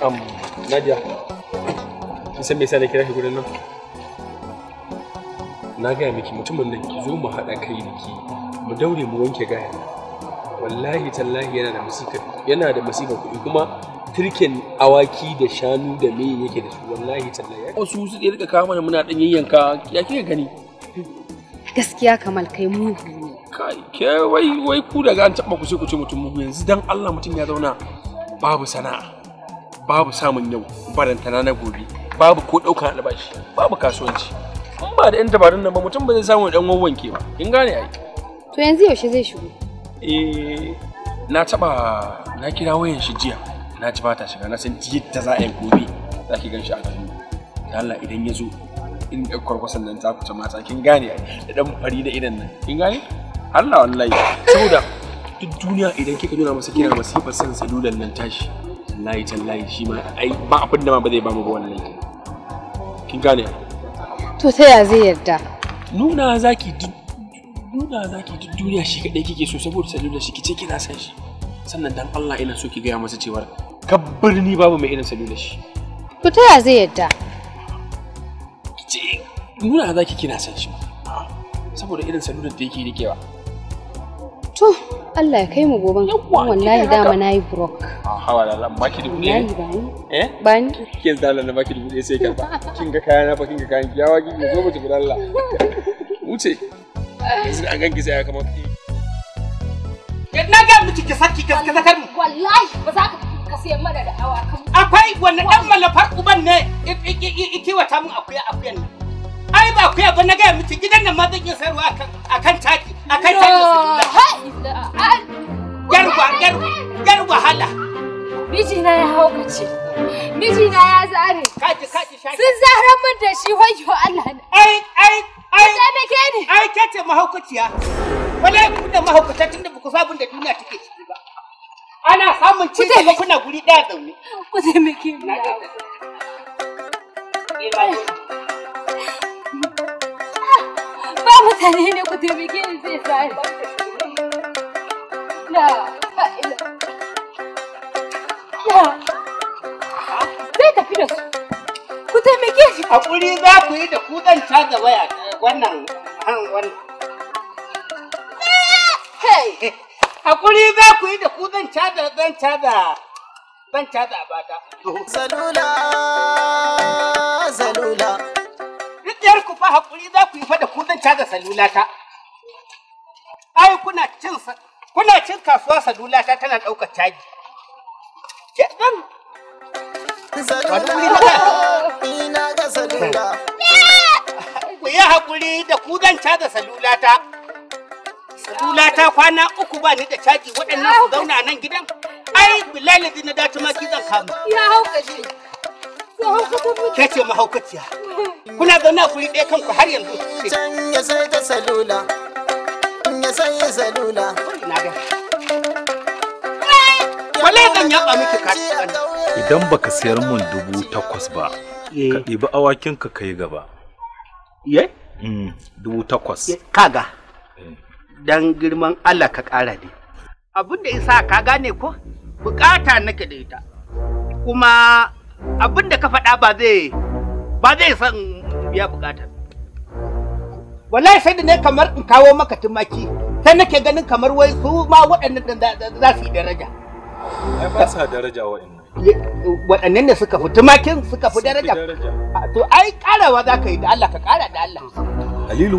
am Nadia kin san me yasa na kira ki gurin nan na gaya miki mutumin nan ki zo mu haɗa kai da ki mu daure mu wanke gaya wallahi tallahi yana da masifar yana da masifar kuɗi kuma turken awaki da shanu da me yake da su wallahi tallahi wasu suke rika kama da muna ɗan yayyanka ya kika gani gaskiya kamal kai mugu ne kai ke wai wai ku daga an taɓa ku sai ku ce mutum yanzu dan Allah mutum ya zauna babu sana'a babu samun yau barantana na gobe babu ko ɗaukan albashi babu kasuwanci in ba da 'yan dabarun nan ba mutum ba zai samu ɗan wanwanke ba in gane ai to yanzu yaushe zai shigo eh na taba na kira wayan shi jiya na ji bata shiga na san yadda za a yi gobe za ki gan shi a Da Allah idan ya zo in ɗan kwarkwasan nan ta kuce mata kin gane ai da ɗan fari da idan nan kin gane Allah wallahi saboda duk duniya idan kika nuna masa kina masifar san salulan nan tashi wallahi tallahi shi ma ai ba abin da ma ba zai ba mu ba wannan kin gane to sai ya zai yarda nuna zaki duk nuna zaki duk duniya shi kadai kike so saboda salulan shi kice kina san shi sannan dan Allah ina so ki ga masa cewa ni babu mai irin salulan shi to ta ya zai yarda kice nuna zaki kina san shi saboda irin salulan da yake rikewa to Allah ya kai mu goben wallahi dama na yi brok ah, hawa da Allah baki dubu ɗaya eh Bani. ni ke zala na maki dubu ɗaya sai ka kin ga kaya na fa kin ga kayan ki yawa ki zo mu tafi Allah wuce yanzu an ganki sai ya kama eh, na ga miki ki saki ka zakar mu wallahi ba za ka ka sai mana da hawa akwai wannan dan malafar uban ne iki wata mun akuya akuyan nan ai ba akuya ba na ga miki gidan nan ma zan iya sayarwa shi wayo Allah ne. Ai ai ai. Ka taimake ni. Ai ke ce mahaukaciya. Wala ku da mahaukata tun da baku sabun da duniya take ciki ba. Ana samun ci gaba kuna guri daya zaune. Ku taimake ni. Ah, ba mutane ne ku taimake ni zai tsari. Na. taimake shi. Hakuri za ku yi da ku zan caja waya wannan wannan. Hakuri za ku yi da zan zan bata. ku fa hakuri za ku yi fa da salula ta. Ai kuna cin kuna cin kasuwa salula ta tana ɗaukar caji. Ku yi haƙuri da ku zan caza salulata. Salulata kwana uku ba ni da caji waɗannan su zauna nan gidan. Ai, Bilal na dace ma zan kama. Ya haukace. Ke ce mahaukaciya. Kuna zauna ku yi ɗaya kanku har yanzu. Can ya sai ta salula. Ya sai ya salula. Wala zan yaɓa miki kashi idan baka sayar mun dubu takwas ba eh. ka ɗibi awakin ka kai gaba ye mm, dubu takwas kaga dan girman Allah ka ƙara ne abin da isa ka gane ko bukata nake da ita kuma abin da ka faɗa ba zai ba zai san biya bukata wallahi sai da ne kamar in kawo maka tumaki sai nake ganin kamar wai su ma waɗannan za su yi daraja ai ba sa daraja wa'in waɗannan ne suka fi tumakin suka fi daraja to ai karawa za ka yi da Allah ka kara da Allah halilu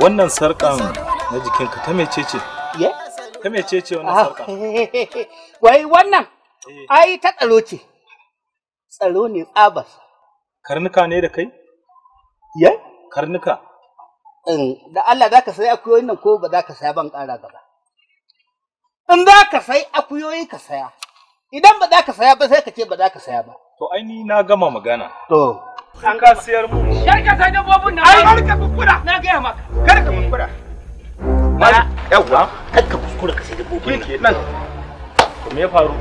wannan sarkan na jikinka ta mecece ta mecece wannan ah, sarkan wai wannan eh. ai ta tsaro ce tsaro ne tsabas karnuka ne da kai ya karnuka da Allah za ka sai akwai wannan ko ba za ka saya ban kara gaba in za ka sai akuyoyi ka saya idan ba za ka saya ba sai ka ce ba za ka saya ba to ai ni na gama magana to an ka siyar mu kar ka sai dabbobin nan ai barka kukura na gaya maka kar ka kuskura yawa kar ka kukura ka sai dabbobin nan me ya faru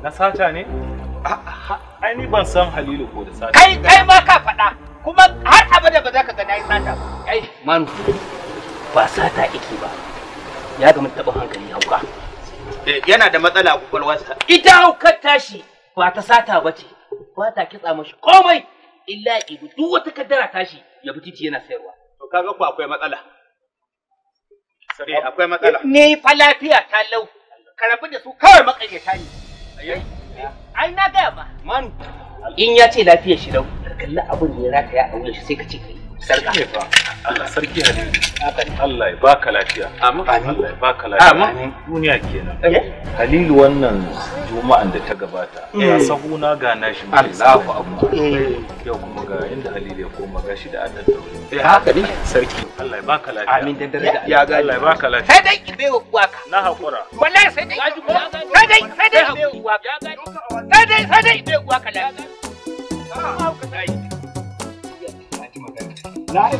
na sata ne ai ni ban san Halilu ko da sata kai kai ma ka faɗa kuma har abada ba za ka ga nayi sata ba kai manu ba sata yake ba ya ga mun taɓa hankali hauka yana da matsala a kwakwalwarsa ita haukar tashi ba ta sata ba ce ba ta kitsa mashi komai illa ibu duk wata kaddara tashi ya bi titi yana sayarwa to kaga ku akwai matsala sare akwai matsala ne fa lafiya ta lau karabi da su kawai makaryata ne ai na gaya ba man in ya ce lafiyar shi lau kalli abin da ya yi a aure shi sai ka ce kai sarki Allah sarki hali Allah ya baka lafiya amin Allah ya baka lafiya amin duniya kenan eh? Halilu wannan juma'an da ta gabata mm. ya sahuna ga nashi Allahu akbar mm. yau kuma ga inda Halilu ya koma gashi da annan eh haka ne sarki Allah ya baka lafiya amin dan dare ya ga Allah ya baka lafiya sai dai waka na hakura wallahi sai dai sai dai sai dai waka sai dai sai dai waka lafiya Da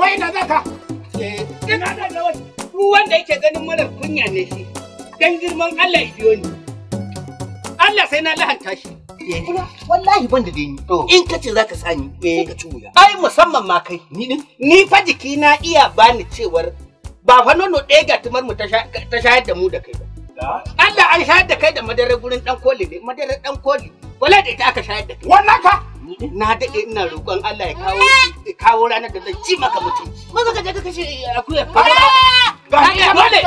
wai na zaka? Eh, ina da da wani. Ruwan da yake ganin mara kunya ne shi. Dan girman Allah biyo ni. Allah sai na lahanta shi. Eh. Wallahi ban da dai In ka ce zaka sa ni, sai eh. ka ci wuya. Ai musamman ma kai. Ni din? Ni fa jiki na iya bani cewar ba fa nono ɗaya ga tumar mu ta shayar da mu da kai ba. Allah an shayar da kai da madarar gurin ɗan koli ne, madarar ɗan koli. wala da ita aka shayar da kai wannan ka na daɗe ina roƙon Allah ya kawo kawo ranar da zan ci maka mutum maza ka je ka kashe akuya ga ni dole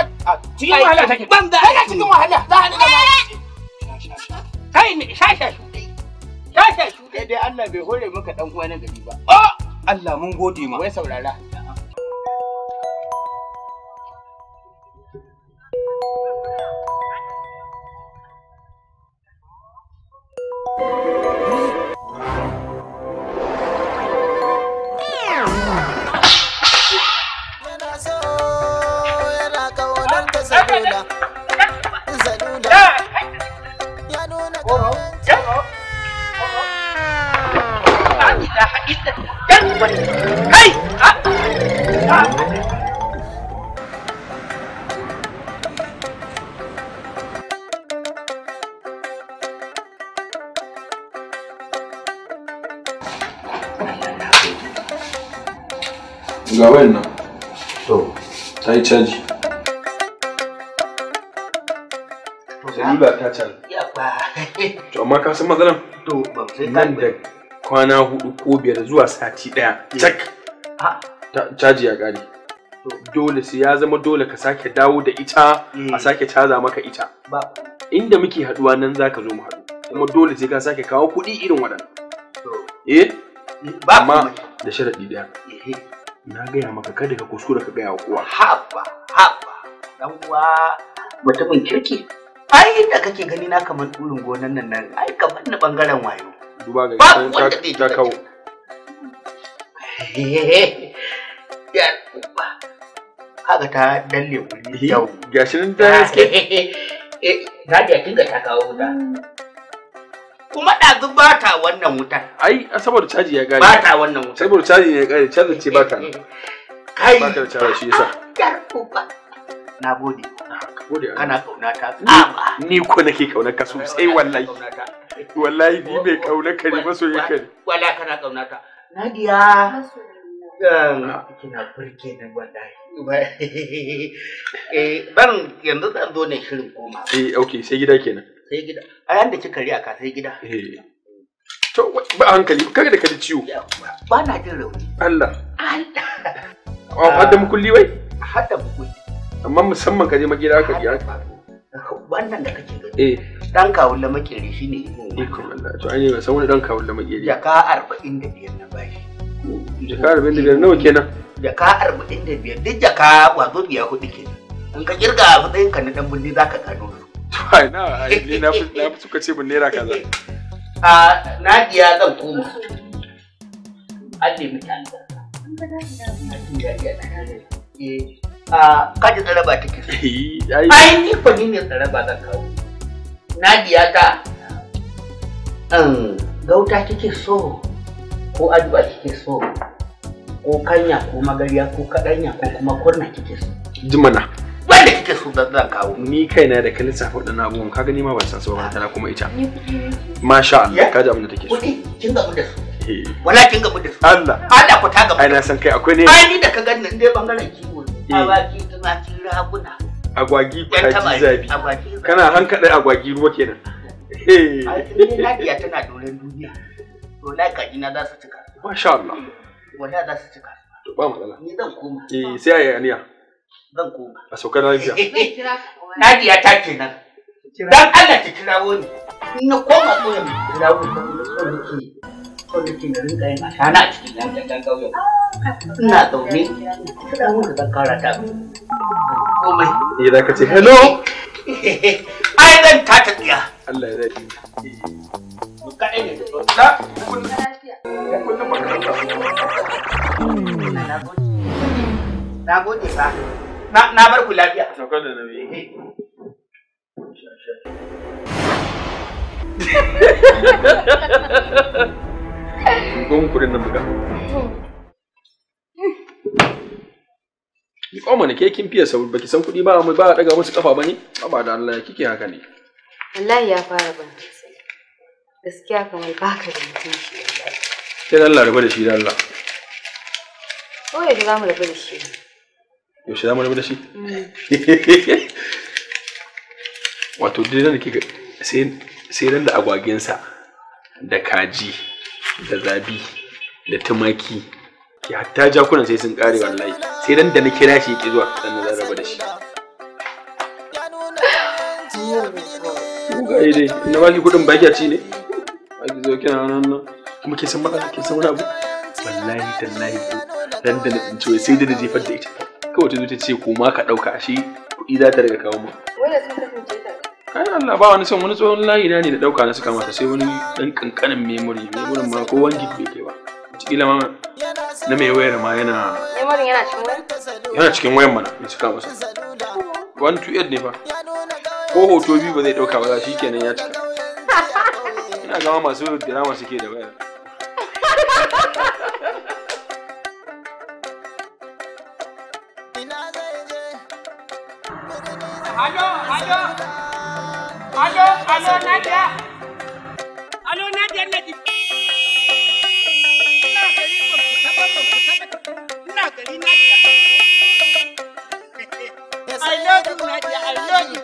cikin wahala take ban da ai cikin wahala za ka ga kai ne shasha shu shasha dai Allah bai hore maka dan uwa na gari ba oh! Allah mun gode ma wai saurara san matsalan to ba sai nan da kwana hudu ko biyar zuwa sati daya eh. Ha. caji ya kare dole sai ya zama dole ka sake dawo da ita eh. a sake caza maka ita ba inda muke haduwa nan zaka zo mu haɗu kuma dole sai ka sake kawo kuɗi irin waɗannan eh? eh ba amma da sharaɗi daya na gaya maka kada ka kuskura ka gaya wa kowa haba haba dan uwa mutumin kirki ai da kake gani na kamar turin gonan nan nan ai kamar ni bangaren wayo duba ga kan ka kawo ya kaga ta dalle kuli yau gashi nan ta haske na eh, da kinga ta kawo wuta kuma ɗazu ba ta wannan wutar. Ai, saboda caji ya gane. Ba ta wannan wutar. Saboda caji ne ya gane, caji ce ba ta. Kai. Ba ta da shi yasa. Yar uba. na gode kana kauna ta ni ko nake kauna ka sosai wallahi wallahi ni mai kauna ka ne masoyin ka ne wallahi kana kauna ta nadiya ah. kina burge ni wallahi eh ban yanzu zan zo ne shirin koma eh okay sai gida kenan sai gida a yanda kika riya ka sai gida eh to ba hankali kaga da kada ciwo ba na jin rauni Allah Allah a oh, hadda mukulli wai hadda mukulli amma musamman ka je magida aka biya wannan da kake gani eh dan kawun la makeri shine iko Allah to ai ba san wani dan kawun la makeri jaka 45 na bashi jaka 45 nawa kenan jaka 45 duk jaka wato biya hudu kenan in ka kirga a matsayin na dan bundi zaka gano to ai na ai fi na fi suka ce mun naira kaza a Nadiya zan koma Allah da da Eh, kaji tsaraba take so ai ni ko ni ne tsaraba zan kawo nadiya ta um, gauta kike so ko aduba kike so ko kanya ko magariya ko kadanya ko kuma kurna kike so jimana wanda kike so zan kawo ni kai na da kalin safar da nagun kaga ni ma ban san so ba tana kuma ita masha Allah kaji abin da take so kin ga da su eh. wala kin ga da su Allah Allah ku ta ga ai na san kai akwai ne ai ni da ka gannin dai bangaren ki Eh. awaki tumaki raguna agwagi kaji zabi kana hankaɗa agwagi ruwa kenan eh Nadiya tana doren duniya to na kaji na za su cika masha Allah wala za su cika to ba matsala ni zan koma eh sai ayi aniya zan koma a saukar lafiya Nadiya ta kenan dan Allah ki kira, ni in na koma so ya kirawo ni ko ne ne rinka yin a cikin yankin dan ina zaune kaɗa muka zan kara ta ka ce hello ai dan ta ta Allah ya zai kaɗai ne na gode fa na bar ku lafiya saukar da nauyi eh. Gon Ko mana ke kin fiye sauri baki san kuɗi ba mu ba daga musu kafa bane? Ba da Allah kike haka ne. Wallahi ya fara ban Gaskiya kamar baka da mutunci wallahi. Sai Allah rabu da shi da Allah. Ko yaushe za mu rabu da shi? Yaushe za mu rabu da shi? Hmm. Wato dai da kike sai sai da agwagensa da kaji da zabi da tumaki ya hatta jakunan sai sun kare wallahi sai dan da na kira shi yake zuwa dan na raba da shi mugaye dai na baki kudin baki a ci ne baki zo kina nan nan kuma ke san matsala ke san wani abu wallahi tallahi ko dan da na tsinci sai da na jefar da ita kawai ta zo ta ce ko ma ka dauka shi kuɗi za ta daga kawo mu wanda sun kasance ai Allah ba wani son wani tsohon layi na ne da dauka na suka mata sai wani dan kankanin memory memory ma ko wangi gig bai kai ba wata ma na mai wayar ma yana yana cikin mana ya cika masa one two eight ne fa ko hoto biyu ba zai dauka ba shi kenan ya cika ina gama masu drama suke da wayar Alo, alo, alo, alo, Nadia. Alo, Nadia, Nadia. gari na I love you, Nadia. I love you.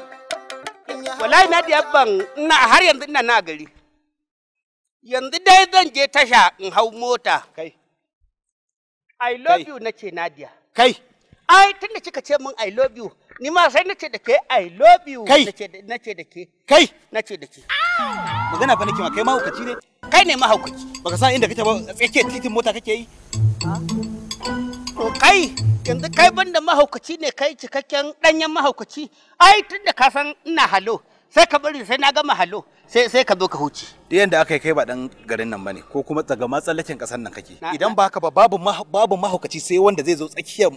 Wallahi Nadia ban ina har yanzu ina na gari. Yanzu dai zan je tasha in hau mota. Kai. I love you nace Nadia. Kai. Ai tunda kika ce min I love you, ni ma sai nace da ke I love you nace da ke. Kai. Nace da ke. Magana fa nake ma kai mahaukaci ne. Kai ne mahaukaci. Baka san inda kake ba tsake titin mota kake yi. ai yanzu kai banda mahaukaci ne kai cikakken danyen mahaukaci ai tunda ka san ina halo sai ka bari sai na gama halo sai sai ka zo ka huce da yanda aka kai ba dan garin nan bane ko kuma tsaga matsalacin kasar nan kake idan ba haka ba babu babu mahaukaci sai wanda zai zo tsakiyar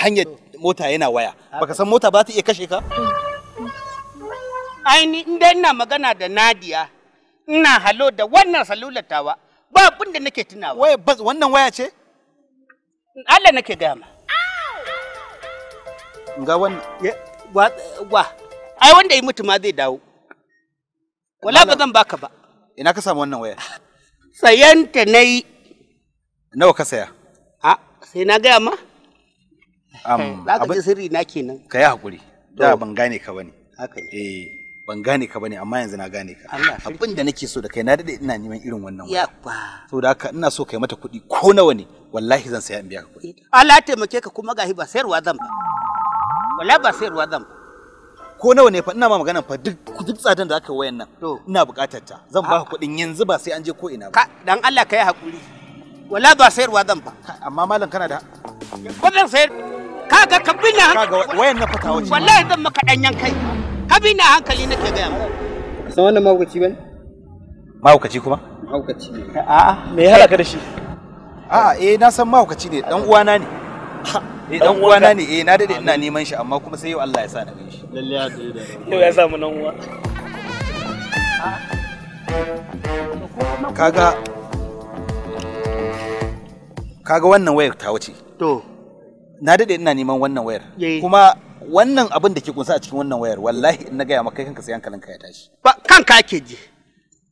hanyar mota yana waya baka san mota ba ta iya kashe ka ai ni inda ina magana da Nadia ina halo da wannan salulatawa ba abin da nake tunawa waya wannan waya ce Allah nake gaya ma. Ga wani. wa ai wanda ya mutu ma zai dawo. Wala ba zan baka ba. Ina ka samu wannan waya? Sayanta na yi. Nawa ka saya? A sai na gaya ma. Za ka ji sirri na kenan. Ka yi hakuri. Da ban gane ka bane. Haka Eh. ban gane ka bane amma yanzu na gane ka abin da nake so da kai na dade ina neman irin wannan waya da haka ina so kai mata kuɗi ko nawa ne wallahi zan saya in biya ka kuɗi eh, Allah taimake ka kuma gahi ba sayarwa zan ba wallahi ba sayarwa zan ba ko nawa ne fa ina ma magana fa duk duk tsadan da aka yi wayan nan ina buƙatar ta zan ba ka ah. kuɗin yanzu ba sai an je ko ina ba dan Allah kai hakuri wallahi ba sayarwa zan ba amma malam kana da ko zan sayar kaga ga kaga fa ta fatawa wallahi zan maka danyen kai abin na hankali nake gaya mu san wannan mahaukaci bane mahaukaci kuma mahaukaci ne a'a me ya halaka da shi a'a eh na san mahaukaci ne dan uwana ne eh dan uwana ne eh na dade ina neman shi amma kuma sai yau Allah ya sa na gani shi lalle ya dade yau ya samu nan uwa kaga kaga wannan wayar ta wuce to na dade ina neman wannan wayar kuma wannan abin da ke kunsa a cikin wannan wayar wallahi in na gaya maka kanka sai ka ya tashi ba kanka ake ji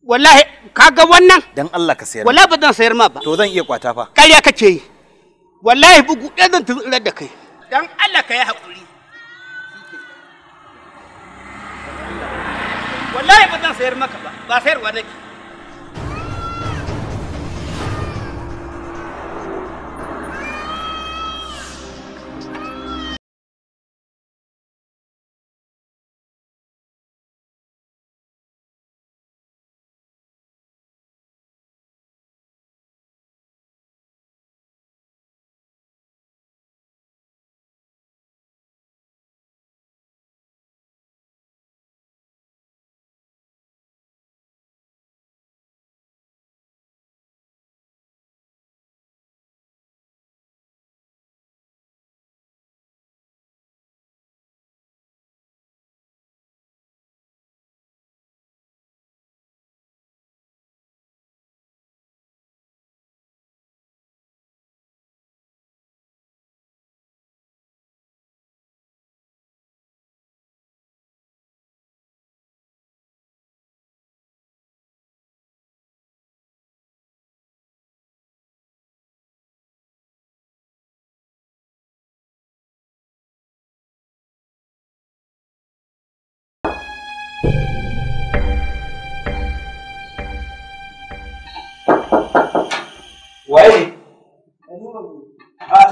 wallahi kaga wannan dan Allah ka sayar wallahi ba zan sayar ma ba to zan iya kwata fa kariya kake yi wallahi bugu ɗaya zan tunzura da kai dan Allah ka yi haƙuri wallahi ba zan sayar maka ba ba sayarwa nake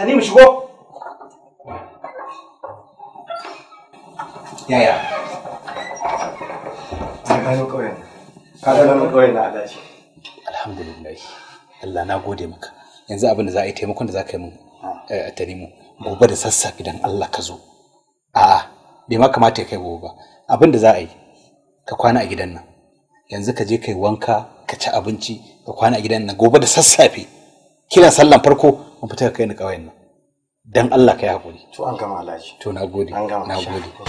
tani mu shigo yaya an gano ƙauyen ka gano ƙauyen na adashi alhamdulillah Allah na gode maka yanzu abin da za a yi taimakon da za ka yi mun ah. eh, a mu gobe da sassafe dan Allah ka zo a'a bai ma kamata ya kai gobe ba abin da za a yi ka kwana a gidan nan yanzu ka je yi wanka ka ci abinci ka kwana a gidan nan gobe da sassafe kina sallan farko mun fita kai ni kawai nan dan Allah ka yi hakuri to an gama alhaji to na gode na gode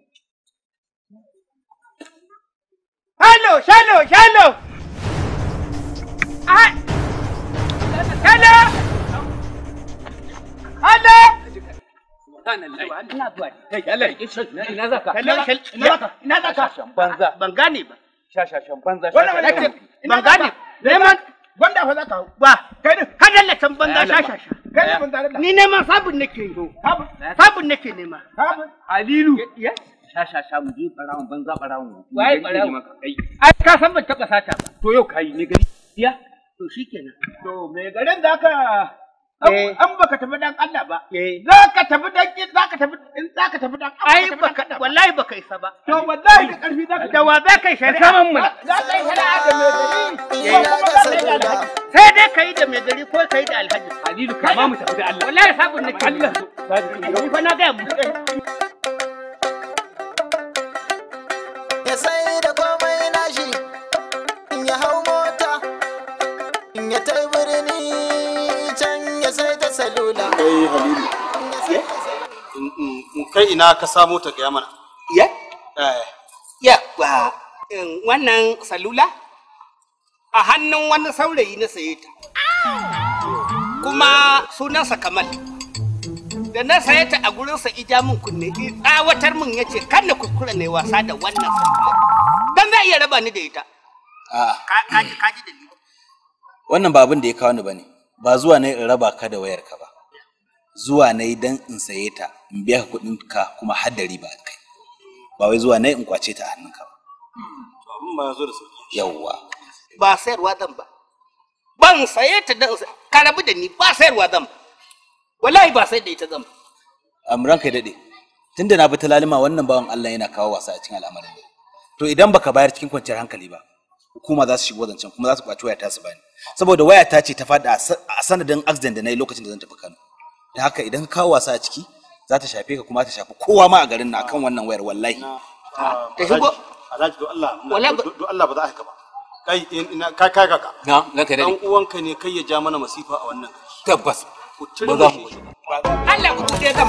Shallow, shallow, shallow. Ah. Shallow. Hello. Ina zaka? Ina zaka? zaka sha sha sha mu je barawon banza barawon waye barawon ai ka san ban taba sata ba to yau kai ne gari ya to shikenan to me garin da ka eh. an baka tafi dan Allah ba eh. za ka tafi dan za za ka tafi dan ai baka wallahi baka ba to wallahi da karfi za ka da wa za ka yi shari'a kaman mu za ka yi shari'a da mai gari ah, sai dai ka yi da gari ko ka yi da alhaji kama mu tafi da Allah na ya sai da komai nashi in ya hau mota in ya tai birni can ya sai da salula kai halilu kai ina ka samo ta gaya mana ya eh. ya wannan salula a hannun wani saurayi na saye ta kuma sunansa kamal da na saya ta a gurin sa ija mun kunne tsawatar mun yace kan na kuskure ne wasa da wannan dan za iya raba ni da ita ka ji ka ji dalili wannan ba abin da ya kawo ni bane ba zuwa na in raba ka da wayar ka ba zuwa na yi dan in saye ta in biya ka kuɗin ka kuma har da riba kai ba wai zuwa na in kwace ta a hannun ka ba abin ba zo da sauki yawwa ba sayarwa zan ba ban saye ta dan ka rabu da ni ba sayarwa zan ba wallahi ba sai da ita zan amran kai dade tunda na bi talalima wannan bawan Allah yana kawo wasa a cikin al'amarin to idan baka bayar cikin kwanciyar hankali ba hukuma za su shigo zancen kuma za su kwaci wayata su bani saboda wayata ce ta faɗi a sanadin accident da na yi lokacin da zan tafi Kano da haka idan kawo wasa a ciki za ta shafe ka kuma ta shafi kowa ma a garin na kan wannan wayar wallahi ka ah, ah, shigo alhaji do Allah do Allah ba za a ka ba kai ina ka ka ka na ranka dai dan uwanka ne kai ya ja mana masifa a wannan tabbas maza Allah ku buɗe zan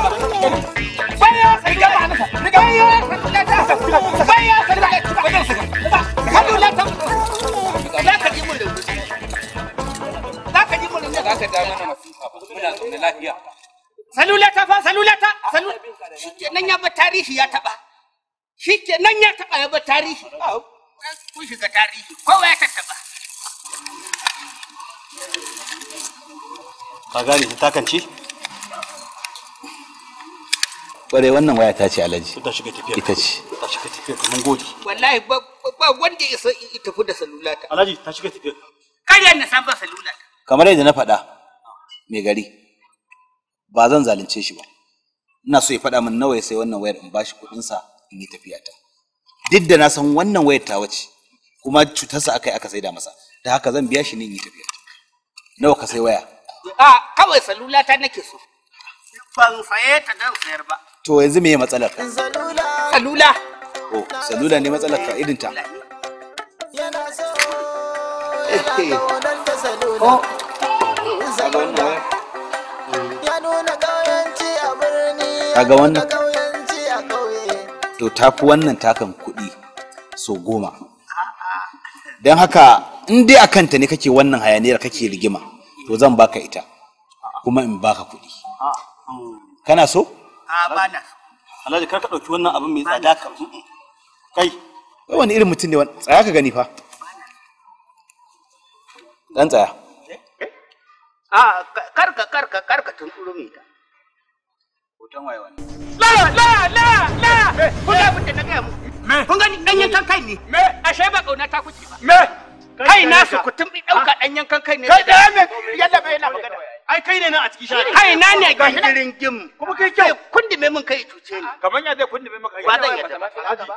ka gane ta takance kware wannan waya ta ce alaji ta shiga tafiya ita ce ta shiga tafiya mun gode wallahi ba wanda ya san in tafi da salula ta alaji ta shiga tafiya kada na san ba salula ta kamar yadda na faɗa mai gari ba zan zalunce shi ba ina so ya faɗa min nawa ya sai wannan wayar in bashi kuɗin sa in yi tafiya ta duk da na san wannan wayar ta wace kuma cutarsa akai aka saida masa da haka zan biya shi ne in yi tafiya nawa ka sai waya a kawai salula ta nake so ban saye ta dan sayar ba to yanzu me matsalar ka salula oh salula ne matsalar ka irin ta oh. ya a birni wannan to tafi wannan takan kuɗi so goma don haka in dai a kanta ne kake wannan hayaniyar kake rigima to zan baka ita kuma in baka kuɗi ah, hmm. kana so a ah, bana alhaji kar ka ɗauki wannan abin mai tsada ka kai kai wani irin mutum ne wani tsaya ka gani fa dan tsaya eh? a ah, ka kar ka tunturo mai ta hoton waye wani la la la la kun ga abin da na gaya mu kun gani ɗanyen kan kai ne ashe ba kauna ta kuce ba Me? kai nasu ku bi dauka dan ah. yankan kai ne kai da bai yana magana ai kai ne nan a cikin shari'a Ai na ne ga hirin gim kuma kai kyau kundi mai mun kai cuce ni kaman ya zai kundi mai maka ba zan yadda ba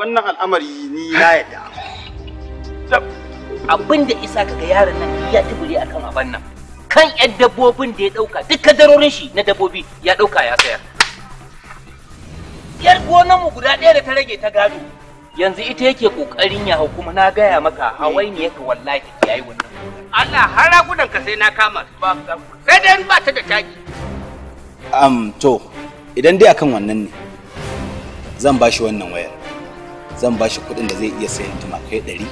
wannan al'amari ni na yadda abin da isa kaga yaron nan ya tubuli kan abin nan kan yan dabbobin da ya dauka duk kadarorin shi na dabbobi ya dauka ya sayar yar gonan mu guda ɗaya da ta rage ta gado yanzu ita yake kokarin ya hau kuma na gaya maka hawai ne yake wallahi yayi wannan Allah har gudan ka sai na kama ba sai dai ba ta da taki am to idan dai akan wannan ne zan ba shi wannan wayar zan ba shi kuɗin da zai iya sayan tumakai ɗari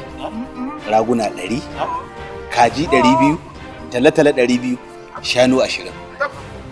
raguna ɗari kaji ɗari biyu talatala ɗari biyu shanu ashirin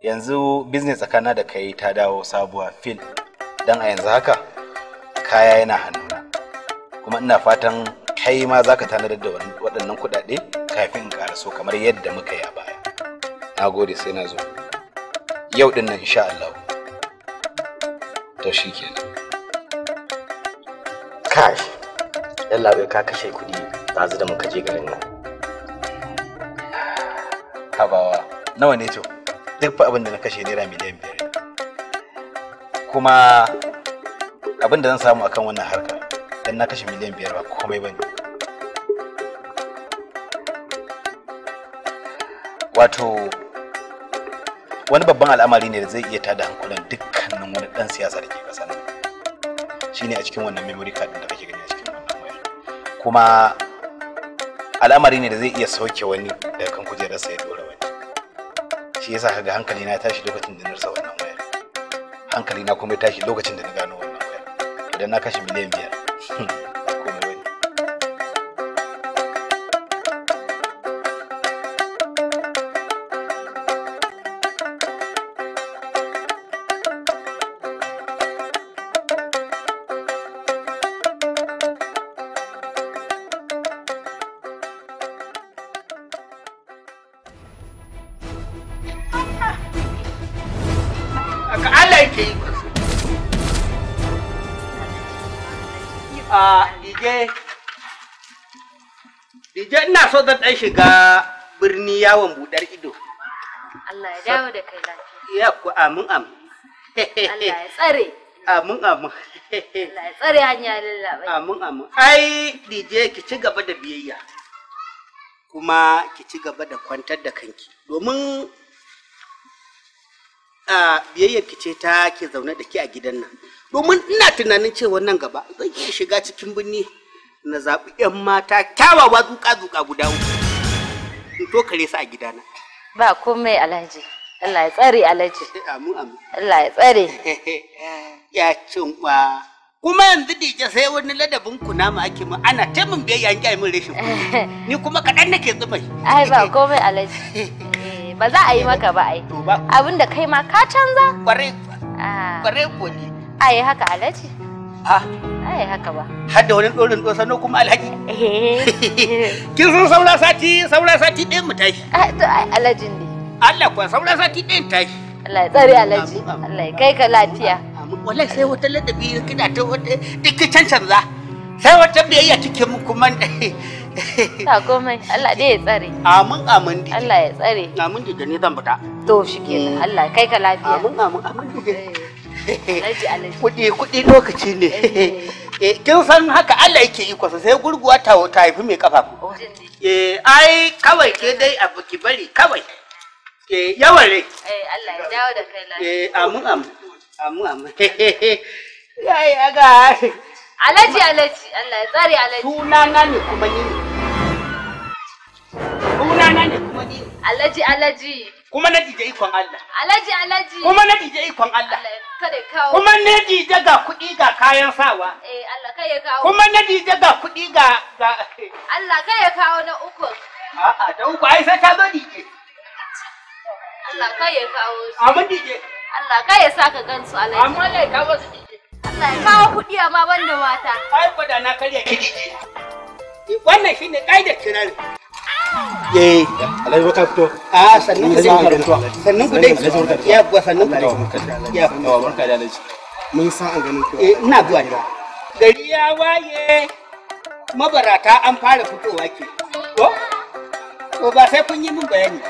yanzu business tsakana da kai ta dawo sabuwa fil don a yanzu haka kaya yana hannuna kuma ina fatan kai ma za ka tanadar da waɗannan kuɗaɗe kafin in so kamar yadda muka yi a baya na sai na zo yau ɗin nan insha Allah to shi kenan kai yalla bai ka kashe kuɗi ɗazu da muka je garin nan habawa nawa ne to duk fa abin da na kashe naira miliyan biyar kuma abin da zan samu akan wannan harka dan na kashe miliyan biyar ba komai bane wato wani babban al'amari ne da zai iya tada hankulan dukkanin wani dan siyasa da ke kasa nan shine a cikin wannan memory card da kake gani a cikin wannan waya kuma al'amari ne da zai iya sauke wani daga kan kujerarsa ya dora shi yasa kaga hankali na tashi lokacin da na rasa wannan wayar hankali na kuma ya tashi lokacin da na gano wannan wayar idan na kashe miliyan biyar Dije ina so zan ɗan shiga birni yawon buɗar ido. Allah ya dawo da kai lafiya. Ya ku amin am. Allah ya tsare. Amin amin. Allah ya tsare hanya lallaɓai. Amin amin. Ai Dije ki ci gaba da biyayya. Kuma ki ci gaba da kwantar da kanki. Domin a biyayyar ki ce ta ke zaune da ke a gidan nan. Domin ina tunanin cewa nan gaba zan iya shiga cikin birni. na zaɓi 'yan mata kyawawa zuka-zuka guda uku in to kare su a gidana. Ba komai alhaji. Allah ya tsare alhaji. Eh, amin amin. Allah ya tsare. Ya ba. Kuma yanzu ke sai wani ladabin kunama ake mu ana ta biyayya an min rashin Ni kuma kaɗan nake zuba. Ai ba komai alhaji. Eh, ba za a yi maka ba ai. Abinda kai ma ka canza. Kware. Ah. Kware ko ne. Ai haka alhaji. Ah. Ai haka ba. Har da wani ɗorin ɗo sannu kuma alhaji. Eh. Kin san saura sati saura sati ɗin mu tashi. Ah, to ai alhajin ne. Allah kuwa saura sati ɗin tashi. Allah ya tsare alhaji. Allah ya kai ka lafiya. Wallahi sai wata ladabi kina ta wata duk cancanza. Sai wata biyayya kike mu kuma Ta komai Allah dai ya tsare. Amin amin di. Allah ya tsare. Amin di da ni zan fita. To shi kenan eh. Allah kai ka lafiya. Amin amin amin di. kuɗi kuɗi lokaci ne eh, kin san haka Allah yake iko sai gurguwa ta ta haifi mai kafa ku eh ai kawai ke dai abu ki bari kawai eh yawan rai eh Allah ya dawo da kai lafiya eh amin amin amin amin yayi aga alaji alaji Allah ya tsare alaji sunana ne kuma ni sunana ne kuma ni alaji alaji kuma na dije ikon Allah Alhaji, alhaji. kuma na dije ikon Allah kuma na dije ga kuɗi ga kayan sawa eh Allah kai ya kawo kuma na dije ga kuɗi ga ga Allah kai ya kawo na uku a'a da uku ai sai ta zo dije Allah kai ya kawo su amin dije Allah kai ya saka gansu alaji amma lai kawo su dije Allah ya kawo kuɗi amma ban da mata ai ko da na karya ki dije wannan shine kaidar kirarin eh alai sannan sannan ya sannan ya mun san an eh, gari ya waye mabarata an fara fitowa ke ko to ba sai kun yi min bayani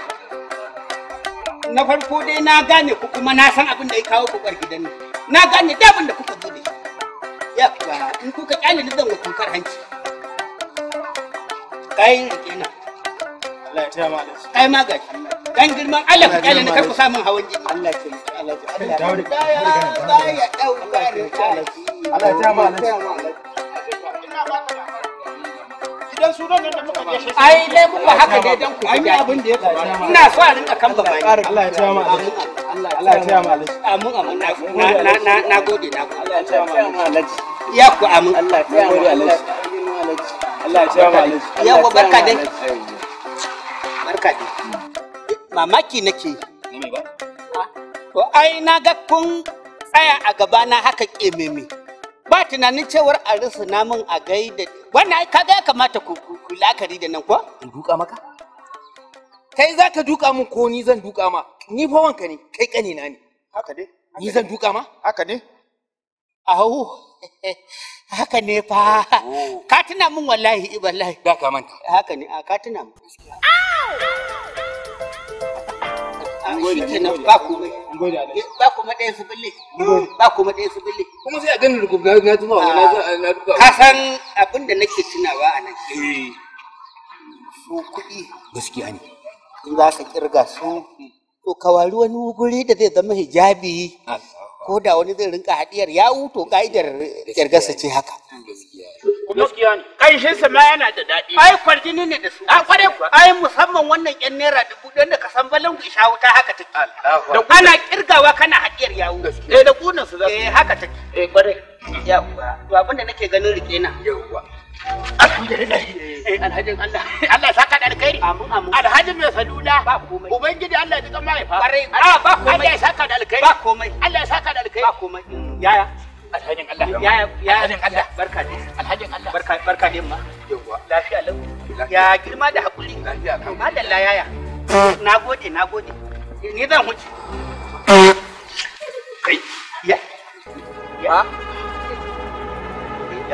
na farko dai na gane ku kuma na san abin da ya kawo ku gidan nan na gane dabin da kuka zo ya kuwa in kuka kyale ni wa hankali hanci kayan rike na kai ma gashi dan girman Allah ku kyale ni kar ku samun hawan jini Allah ke Allah ke Allah ya dauka ni Allah ya ta ma gidan su nan da muka je ai lai muka haka dai dan ku ai abin da ya tsaya ina ma a rinka kan ma Allah ya ta ma Allah Allah ya ta ma amin amin na na na gode na ma Allah ya ta ma ya ku ma Allah ya ta ma Allah ya ta ma ya ku barka dai kaɗe mamaki nake yi to ai na ga kun tsaya a gaba na haka ƙememe ba tunanin cewar a na mun a gaida wannan ai kaga ya kamata ku lakari da nan kuwa in duka maka kai za ka duka min ko ni zan duka ma ni fa wanka ne kai kane na ne haka dai ni zan duka ma haka ne ahu haka ne fa oh. ka tuna min wallahi iballahi eh, Ba ka manta haka ne ka tuna min gaskiya kuma sai a gani rugubna na tuma wa na ah. duka ka san abin da nake tunawa a nan eh. su kuɗi gaskiya ne in za ka kirga su to kawari wani guri da zai zama hijabi ah. ko da wani zai rinka hadiyar yawu to ka'idar kirgarsa ce haka gaskiya ne kanshin sa ma yana da daɗi ai kwarjini ne da su a ah, kware ai musamman wannan yan naira dubu ɗan da ka san balan ku isha wuta haka take ana kirgawa kana haɗiyar yawo eh da kunan su za su eh haka take eh kware yawa to abin da nake ganin rike na yawa Alhajin Allah, Allah saka da alkhairi. Amin amin. Alhajin mai salula. Ba komai. Ubangiji Allah ya ji kamar ya fa. Ba komai. Allah ya saka da alkhairi. Ba komai. Allah ya saka da alkhairi. Ba komai. Yaya. alhajin Allah ya ya alhajin Allah barka dai alhajin Allah barka barka dai ma yawa lafiya lau ya girma da hakuri lafiya kan madalla yaya nagode nagode ni zan huce kai ya ya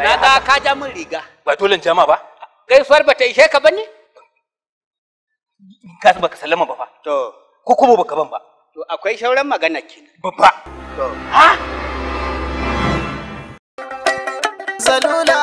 na ga ka ja min riga ba dole jama ba gaisuwar ba ta ishe ka bane ka ba ka sallama ba fa to ko kuma baka ban ba to akwai shauran magana kenan babba to ha No.